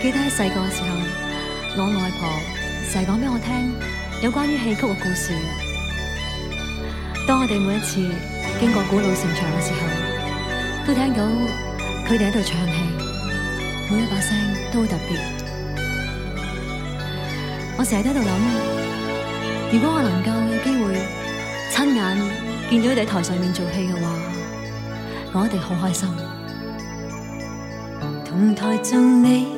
記得喺細個嘅時候，我外婆成日講俾我聽有關於戲曲嘅故事。當我哋每一次經過古老城牆嘅時候，都聽到佢哋喺度唱戲，每一把聲都好特別。我成日喺度諗，如果我能夠有機會親眼見到佢哋喺台上面做戲嘅話，我哋好開心。同台中你。